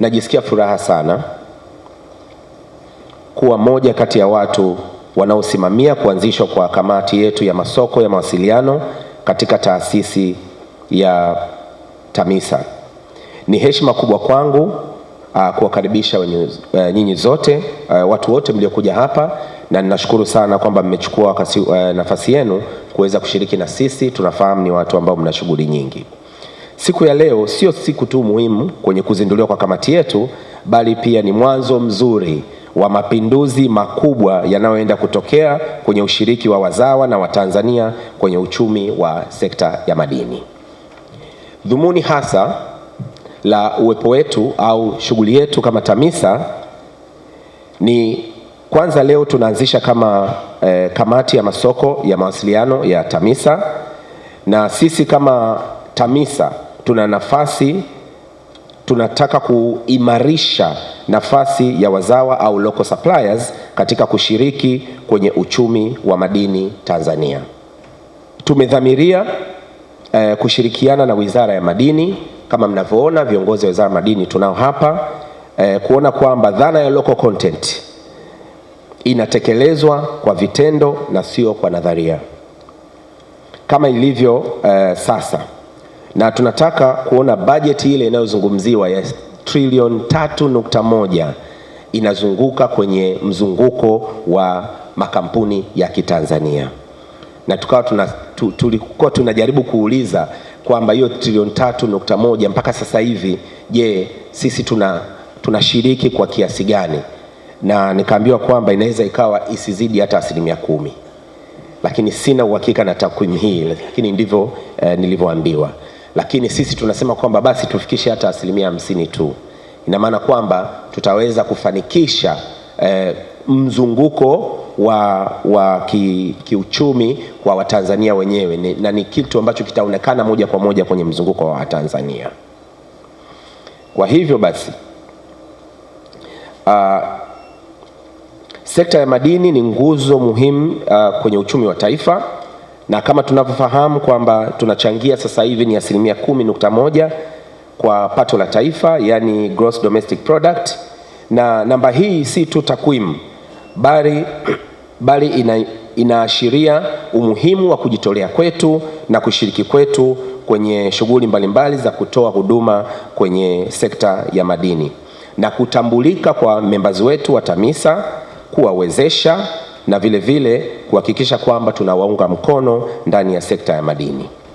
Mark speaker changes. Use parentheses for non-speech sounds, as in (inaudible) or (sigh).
Speaker 1: Najisikia furaha sana kuwa moja kati ya watu wanaosimamia kuanzishwa kwa kamati yetu ya masoko ya mawasiliano katika taasisi ya TAMISA. Ni heshima kubwa kwangu ah, kuwakaribisha eh, nyinyi zote uh, watu wote mliokuja hapa na ninashukuru sana kwamba mmechukua eh, nafasi yenu kuweza kushiriki na sisi. Tunafahamu ni watu ambao mna shughuli nyingi. Siku ya leo sio siku tu muhimu kwenye kuzinduliwa kwa kamati yetu, bali pia ni mwanzo mzuri wa mapinduzi makubwa yanayoenda kutokea kwenye ushiriki wa wazawa na Watanzania kwenye uchumi wa sekta ya madini. Dhumuni hasa la uwepo wetu au shughuli yetu kama TAMISA ni kwanza, leo tunaanzisha kama eh, kamati ya masoko ya mawasiliano ya TAMISA na sisi kama TAMISA tuna nafasi, tunataka kuimarisha nafasi ya wazawa au local suppliers katika kushiriki kwenye uchumi wa madini Tanzania. Tumedhamiria eh, kushirikiana na Wizara ya Madini kama mnavyoona viongozi wa Wizara ya Madini tunao hapa eh, kuona kwamba dhana ya local content inatekelezwa kwa vitendo na sio kwa nadharia kama ilivyo eh, sasa na tunataka kuona bajeti ile inayozungumziwa ya trilioni tatu nukta moja inazunguka kwenye mzunguko wa makampuni ya Kitanzania na tukawa tuna, tulikuwa tunajaribu kuuliza kwamba hiyo trilioni tatu nukta moja mpaka sasa hivi, je, sisi tuna tunashiriki kwa kiasi gani? Na nikaambiwa kwamba inaweza ikawa isizidi hata asilimia kumi, lakini sina uhakika na takwimu hii, lakini ndivyo eh, nilivyoambiwa lakini sisi tunasema kwamba basi tufikishe hata asilimia hamsini tu. Ina maana kwamba tutaweza kufanikisha eh, mzunguko wa, wa ki, kiuchumi kwa Watanzania wenyewe ni, na ni kitu ambacho kitaonekana moja kwa moja kwenye mzunguko wa Watanzania. Kwa hivyo basi uh, sekta ya madini ni nguzo muhimu uh, kwenye uchumi wa taifa na kama tunavyofahamu kwamba tunachangia sasa hivi ni asilimia kumi nukta moja kwa pato la taifa, yani gross domestic product, na namba hii si tu takwimu bali, (clears throat) bali ina, inaashiria umuhimu wa kujitolea kwetu na kushiriki kwetu kwenye shughuli mbalimbali za kutoa huduma kwenye sekta ya madini na kutambulika kwa members wetu wa TAMISA kuwawezesha na vile vile kuhakikisha kwamba tunawaunga mkono ndani ya sekta ya madini.